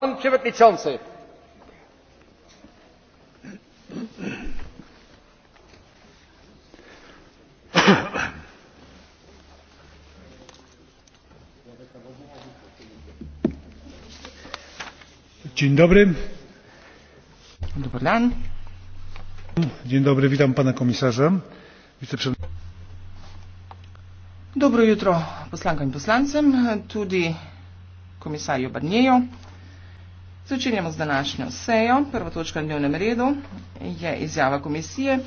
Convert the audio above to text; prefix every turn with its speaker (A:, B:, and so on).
A: pan przewodniczący!
B: dzień dobry! dzień dobry witam pana komisarza
C: dobro
D: jutro poslankam in poslancem tudi komisarju barnierju. Začenjamo z današnjo sejo. Prva točka na dnevnem redu je izjava komisije.